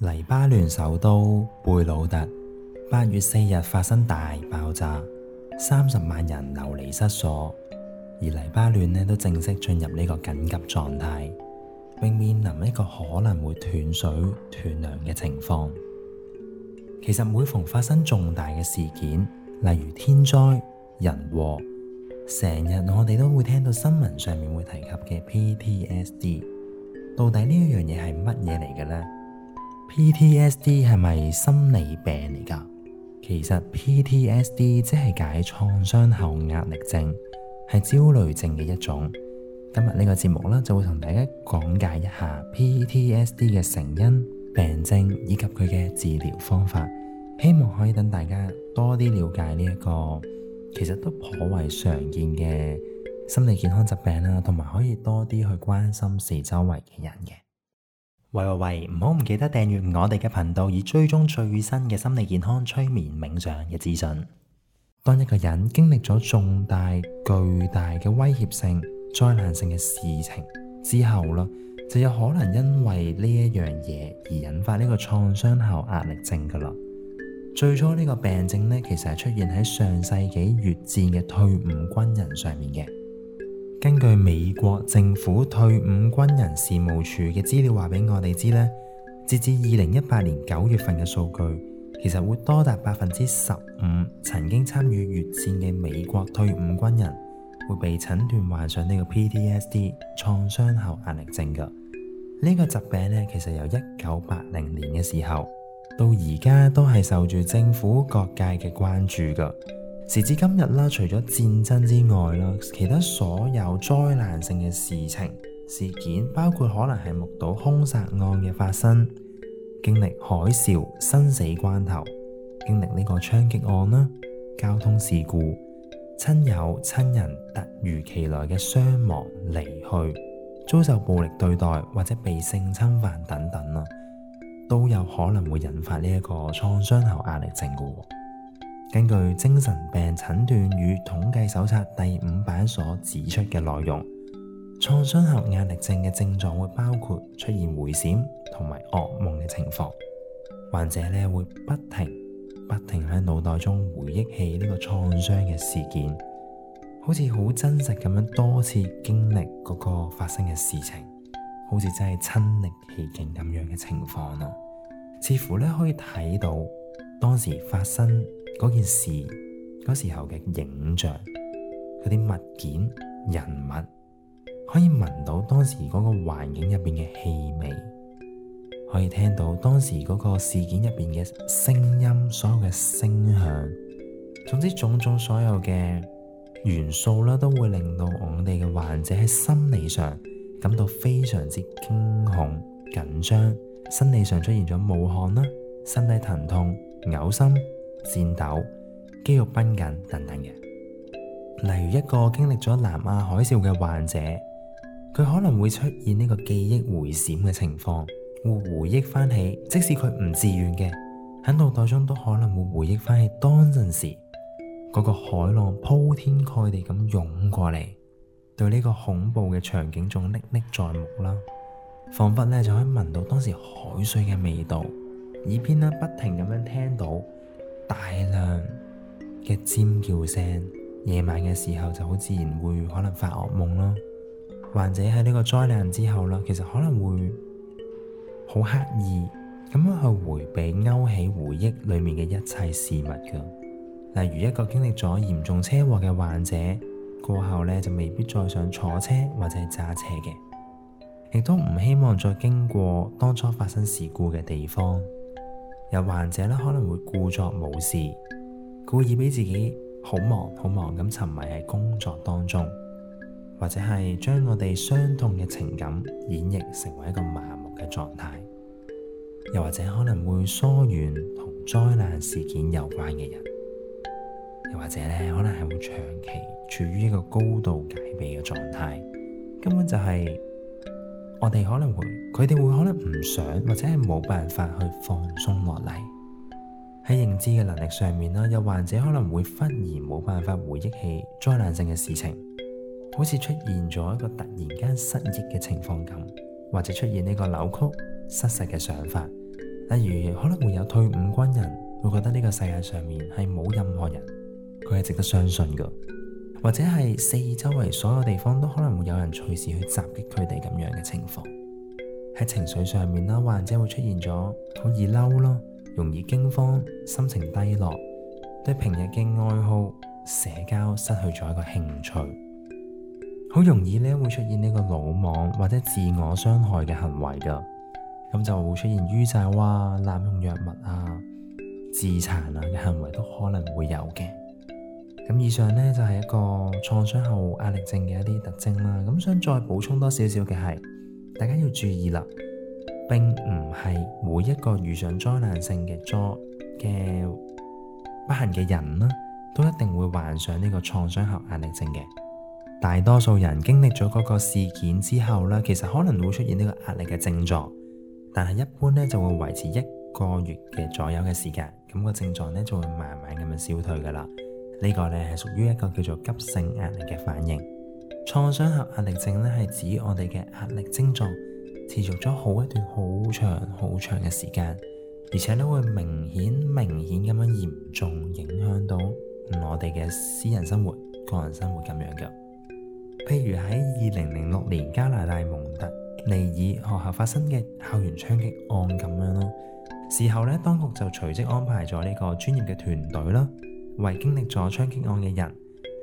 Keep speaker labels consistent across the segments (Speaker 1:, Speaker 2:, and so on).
Speaker 1: 黎巴嫩首都貝魯特八月四日發生大爆炸，三十萬人流離失所，而黎巴嫩呢都正式進入呢個緊急狀態，並面臨一個可能會斷水斷糧嘅情況。其實每逢發生重大嘅事件，例如天災人禍，成日我哋都會聽到新聞上面會提及嘅 PTSD，到底呢一樣嘢係乜嘢嚟嘅呢？PTSD 係咪心理病嚟噶？其實 PTSD 即係解創傷後壓力症，係焦慮症嘅一種。今日呢個節目啦，就會同大家講解一下 PTSD 嘅成因、病徵、以及佢嘅治療方法，希望可以等大家多啲了解呢一個其實都頗為常見嘅心理健康疾病啦，同埋可以多啲去關心視周圍嘅人嘅。喂喂喂，唔好唔記得訂閱我哋嘅頻道，以追蹤最新嘅心理健康、催眠、冥想嘅資訊。當一個人經歷咗重大、巨大嘅威脅性、災難性嘅事情之後啦，就有可能因為呢一樣嘢而引發呢個創傷後壓力症㗎喇。最初呢個病症咧，其實係出現喺上世紀越戰嘅退伍軍人上面嘅。根據美國政府退伍軍人事務處嘅資料話俾我哋知，呢截至二零一八年九月份嘅數據，其實會多達百分之十五曾經參與越戰嘅美國退伍軍人會被診斷患上呢個 PTSD 創傷後壓力症噶。呢、這個疾病呢，其實由一九八零年嘅時候到而家都係受住政府各界嘅關注噶。時至今日啦，除咗戰爭之外啦，其他所有災難性嘅事情事件，包括可能係目睹兇殺案嘅發生，經歷海嘯、生死關頭，經歷呢個槍擊案啦、交通事故、親友親人突如其來嘅傷亡離去，遭受暴力對待或者被性侵犯等等啦，都有可能會引發呢一個創傷後壓力症噶。根據《精神病診斷與統計手冊》第五版所指出嘅內容，創傷後壓力症嘅症狀會包括出現回閃同埋噩夢嘅情況。患者咧會不停不停喺腦袋中回憶起呢個創傷嘅事件，好似好真實咁樣多次經歷嗰個發生嘅事情，好似真係親歷其境咁樣嘅情況咯。似乎咧可以睇到當時發生。嗰件事嗰時候嘅影像，嗰啲物件、人物，可以聞到當時嗰個環境入邊嘅氣味，可以聽到當時嗰個事件入邊嘅聲音，所有嘅聲響，總之，種種所有嘅元素啦，都會令到我哋嘅患者喺心理上感到非常之驚恐緊張，生理上出現咗冒汗啦，身體疼痛、嘔心。顫抖、肌肉繃緊等等嘅，例如一個經歷咗南亞海嘯嘅患者，佢可能會出現呢個記憶回閃嘅情況，會回憶翻起，即使佢唔自願嘅，喺腦袋中都可能會回憶翻起當陣時嗰個海浪鋪天蓋地咁湧過嚟，對呢個恐怖嘅場景仲歷歷在目啦，仿佛呢就可以聞到當時海水嘅味道，耳邊呢不停咁樣聽到。大量嘅尖叫聲，夜晚嘅時候就好自然會可能發噩夢咯。患者喺呢個災難之後啦，其實可能會好刻意咁樣去回避勾起回憶裏面嘅一切事物嘅，例如一個經歷咗嚴重車禍嘅患者過後咧，就未必再想坐車或者係揸車嘅，亦都唔希望再經過當初發生事故嘅地方。有患者咧，可能會故作冇事，故意俾自己好忙、好忙咁沉迷喺工作當中，或者係將我哋傷痛嘅情感演繹成為一個麻木嘅狀態，又或者可能會疏遠同災難事件有關嘅人，又或者咧，可能係會長期處於一個高度戒備嘅狀態，根本就係、是。我哋可能會，佢哋會可能唔想，或者係冇辦法去放鬆落嚟。喺認知嘅能力上面啦，有患者可能會忽然冇辦法回憶起災難性嘅事情，好似出現咗一個突然間失憶嘅情況咁，或者出現呢個扭曲、失實嘅想法。例如，可能會有退伍軍人會覺得呢個世界上面係冇任何人佢係值得相信嘅。或者係四周圍所有地方都可能會有人隨時去襲擊佢哋咁樣嘅情況，喺情緒上面啦，患者會出現咗好易嬲咯，容易驚慌、心情低落，對平日嘅愛好、社交失去咗一個興趣，好容易咧會出現呢個魯莽或者自我傷害嘅行為噶，咁就會出現酗酒啊、濫用藥物啊、自殘啊嘅行為都可能會有嘅。咁以上咧就係一個創傷後壓力症嘅一啲特徵啦。咁想再補充多少少嘅係，大家要注意啦。並唔係每一個遇上災難性嘅災嘅不幸嘅人啦，都一定會患上呢個創傷後壓力症嘅。大多數人經歷咗嗰個事件之後咧，其實可能會出現呢個壓力嘅症狀，但係一般咧就會維持一個月嘅左右嘅時間。咁個症狀咧就會慢慢咁樣消退噶啦。個呢個咧係屬於一個叫做急性壓力嘅反應。創傷後壓力症咧係指我哋嘅壓力症狀持續咗好一段好長、好長嘅時間，而且都會明顯、明顯咁樣嚴重影響到我哋嘅私人生活、個人生活咁樣嘅。譬如喺二零零六年加拿大蒙特利爾學校發生嘅校園槍擊案咁樣咯，事後咧當局就隨即安排咗呢個專業嘅團隊啦。為經歷咗槍擊案嘅人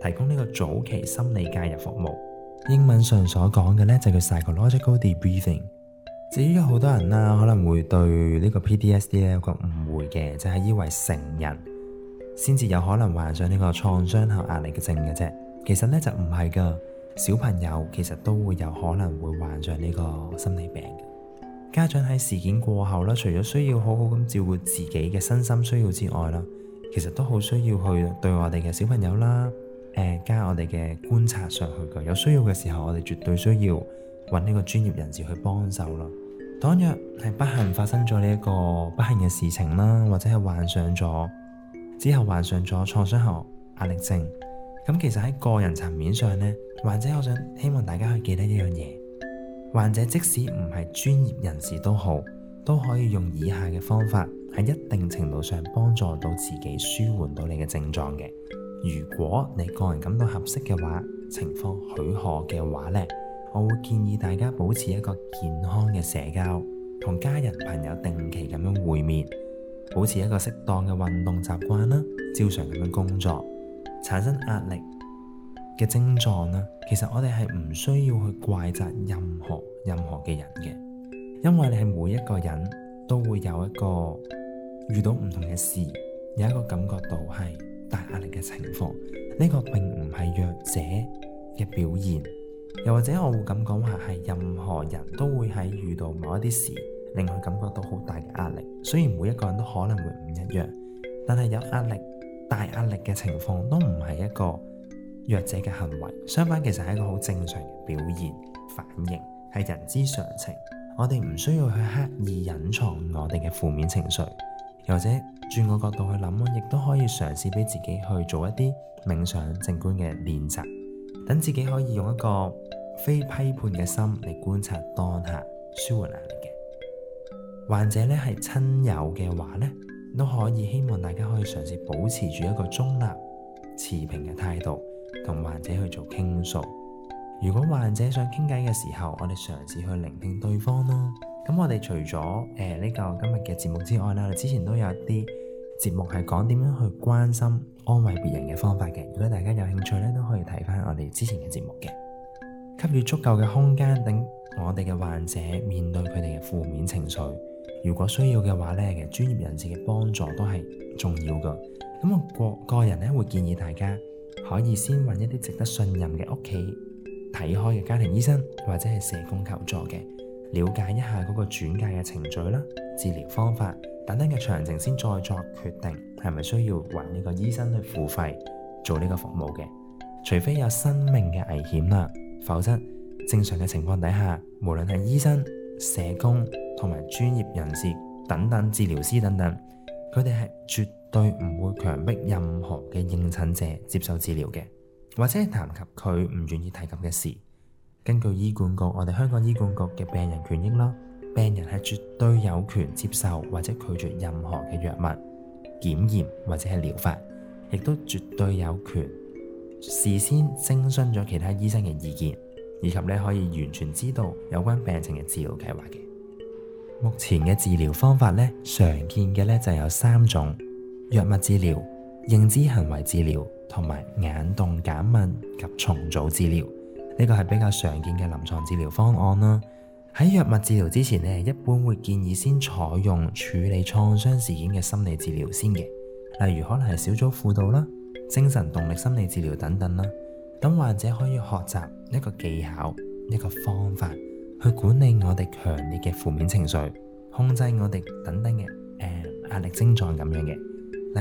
Speaker 1: 提供呢個早期心理介入服務。英文上所講嘅呢，就叫 psychological debriefing。至於有好多人啦，可能會對個呢個 PTSD 有個誤會嘅，就係、是、以為成人先至有可能患上呢個創傷後壓力嘅症嘅啫。其實呢，就唔係噶小朋友其實都會有可能會患上呢個心理病。家長喺事件過後啦，除咗需要好好咁照顧自己嘅身心需要之外啦。其實都好需要去對我哋嘅小朋友啦，誒、呃、加我哋嘅觀察上去嘅，有需要嘅時候我哋絕對需要揾呢個專業人士去幫手啦。倘若係不幸發生咗呢一個不幸嘅事情啦，或者係患上咗之後患上咗創傷後壓力症，咁其實喺個人層面上呢，患者我想希望大家去記得一樣嘢，患者即使唔係專業人士都好，都可以用以下嘅方法。喺一定程度上幫助到自己舒緩到你嘅症狀嘅。如果你個人感到合適嘅話，情況許可嘅話呢，我會建議大家保持一個健康嘅社交，同家人朋友定期咁樣會面，保持一個適當嘅運動習慣啦，照常咁樣工作，產生壓力嘅症狀呢，其實我哋係唔需要去怪責任何任何嘅人嘅，因為你係每一個人都會有一個。遇到唔同嘅事，有一個感覺到係大壓力嘅情況，呢個並唔係弱者嘅表現。又或者我會咁講話，係任何人都會喺遇到某一啲事，令佢感覺到好大嘅壓力。雖然每一個人都可能會唔一樣，但係有壓力、大壓力嘅情況都唔係一個弱者嘅行為。相反，其實係一個好正常嘅表現、反應，係人之常情。我哋唔需要去刻意隱藏我哋嘅負面情緒。又或者轉個角度去諗，亦都可以嘗試俾自己去做一啲冥想靜觀嘅練習，等自己可以用一個非批判嘅心嚟觀察當下，舒緩壓力嘅患者咧，係親友嘅話咧，都可以希望大家可以嘗試保持住一個中立持平嘅態度，同患者去做傾訴。如果患者想傾偈嘅時候，我哋嘗試去聆聽對方啦。咁我哋除咗誒呢個今日嘅節目之外啦，我哋之前都有一啲節目係講點樣去關心、安慰別人嘅方法嘅。如果大家有興趣咧，都可以睇翻我哋之前嘅節目嘅。給予足夠嘅空間等我哋嘅患者面對佢哋嘅負面情緒，如果需要嘅話咧，嘅專業人士嘅幫助都係重要嘅。咁我個個人咧，會建議大家可以先揾一啲值得信任嘅屋企睇開嘅家庭醫生，或者係社工求助嘅。了解一下嗰個轉介嘅程序啦、治療方法等等嘅詳情，先再作決定係咪需要揾呢個醫生去付費做呢個服務嘅。除非有生命嘅危險啦，否則正常嘅情況底下，無論係醫生、社工同埋專業人士等等治療師等等，佢哋係絕對唔會強迫任何嘅應診者接受治療嘅，或者談及佢唔願意提及嘅事。根據醫管局，我哋香港醫管局嘅病人權益啦，病人係絕對有權接受或者拒絕任何嘅藥物、檢驗或者係療法，亦都絕對有權事先徵詢咗其他醫生嘅意見，以及咧可以完全知道有關病情嘅治療計劃嘅。目前嘅治療方法咧，常見嘅咧就有三種：藥物治療、認知行為治療同埋眼動減敏及重組治療。呢個係比較常見嘅臨床治療方案啦。喺藥物治療之前咧，一般會建議先採用處理創傷事件嘅心理治療先嘅，例如可能係小組輔導啦、精神動力心理治療等等啦，等患者可以學習一個技巧、一個方法去管理我哋強烈嘅負面情緒、控制我哋等等嘅誒壓力症狀咁樣嘅。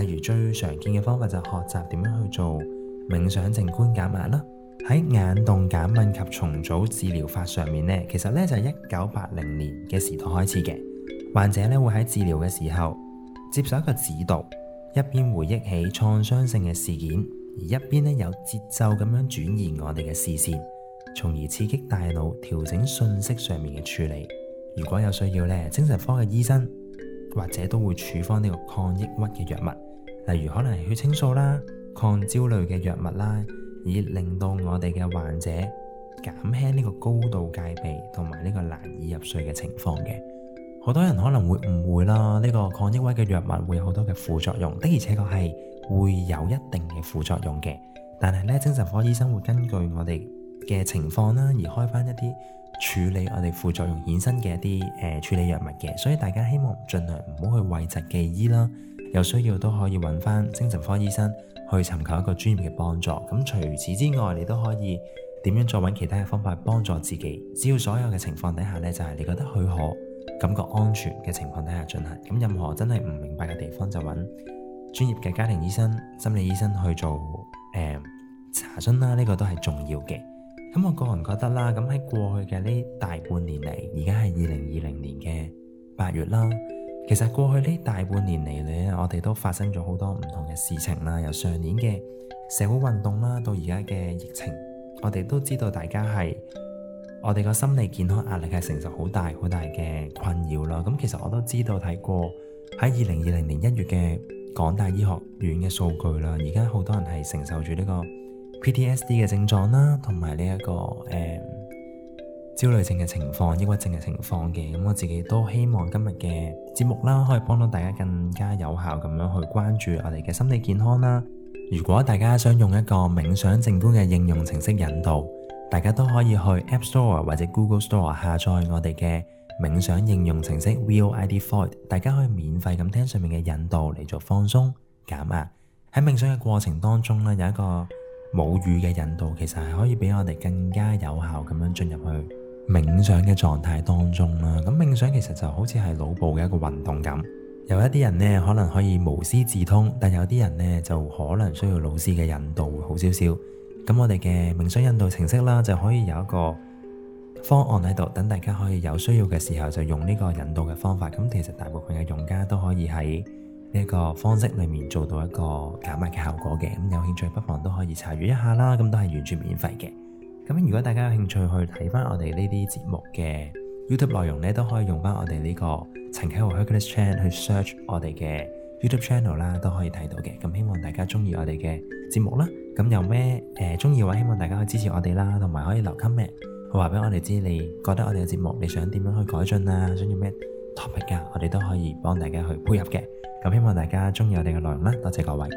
Speaker 1: 例如最常見嘅方法就係學習點樣去做冥想、靜觀減壓啦。喺眼動減敏及重組治療法上面呢，其實咧就係一九八零年嘅時代開始嘅。患者咧會喺治療嘅時候接受一個指導，一邊回憶起創傷性嘅事件，而一邊咧有節奏咁樣轉移我哋嘅視線，從而刺激大腦調整信息上面嘅處理。如果有需要呢，精神科嘅醫生或者都會處方呢個抗抑鬱嘅藥物，例如可能係血清素啦、抗焦慮嘅藥物啦。以令到我哋嘅患者減輕呢個高度戒備同埋呢個難以入睡嘅情況嘅，好多人可能會誤會啦，呢、呢個抗抑鬱嘅藥物會有好多嘅副作用，的而且確係會有一定嘅副作用嘅。但係呢精神科醫生會根據我哋嘅情況啦，而開翻一啲處理我哋副作用衍生嘅一啲誒、呃、處理藥物嘅。所以大家希望盡量唔好去諱疾忌醫啦。有需要都可以搵翻精神科醫生去尋求一個專業嘅幫助。咁除此之外，你都可以點樣再搵其他嘅方法去幫助自己。只要所有嘅情況底下呢，就係你覺得許可、感覺安全嘅情況底下進行。咁任何真係唔明白嘅地方，就搵專業嘅家庭醫生、心理醫生去做、呃、查詢啦。呢個都係重要嘅。咁我個人覺得啦，咁喺過去嘅呢大半年嚟，而家係二零二零年嘅八月啦。其實過去呢大半年嚟咧，我哋都發生咗好多唔同嘅事情啦。由上年嘅社會運動啦，到而家嘅疫情，我哋都知道大家係我哋個心理健康壓力係承受好大好大嘅困擾啦。咁、嗯、其實我都知道睇過喺二零二零年一月嘅港大醫學院嘅數據啦。而家好多人係承受住呢個 PTSD 嘅症狀啦，同埋呢一個誒。呃焦慮症嘅情況、抑鬱症嘅情況嘅，咁我自己都希望今日嘅節目啦，可以幫到大家更加有效咁樣去關注我哋嘅心理健康啦。如果大家想用一個冥想正觀嘅應用程式引導，大家都可以去 App Store 或者 Google Store 下載我哋嘅冥想應用程式 Void，大家可以免費咁聽上面嘅引導嚟做放鬆減壓。喺冥想嘅過程當中呢，有一個母語嘅引導，其實係可以俾我哋更加有效咁樣進入去。冥想嘅狀態當中啦，咁冥想其實就好似係腦部嘅一個運動咁。有一啲人呢，可能可以無師自通，但有啲人呢，就可能需要老師嘅引導好少少。咁我哋嘅冥想引導程式啦，就可以有一個方案喺度，等大家可以有需要嘅時候就用呢個引導嘅方法。咁其實大部分嘅用家都可以喺呢個方式裏面做到一個減壓嘅效果嘅。咁有興趣不妨都可以查閱一下啦，咁都係完全免費嘅。咁如果大家有興趣去睇翻我哋呢啲節目嘅 YouTube 內容呢，都可以用翻我哋呢個陳棨豪 Hercules Channel 去 search 我哋嘅 YouTube Channel 啦，都可以睇到嘅。咁希望大家中意我哋嘅節目啦。咁有咩誒中意嘅話，希望大家可以支持我哋啦，同埋可以留 comment 話俾我哋知，你覺得我哋嘅節目你想點樣去改進啊？想要咩 topic 啊？我哋都可以幫大家去配合嘅。咁希望大家中意我哋嘅內容啦，多謝各位。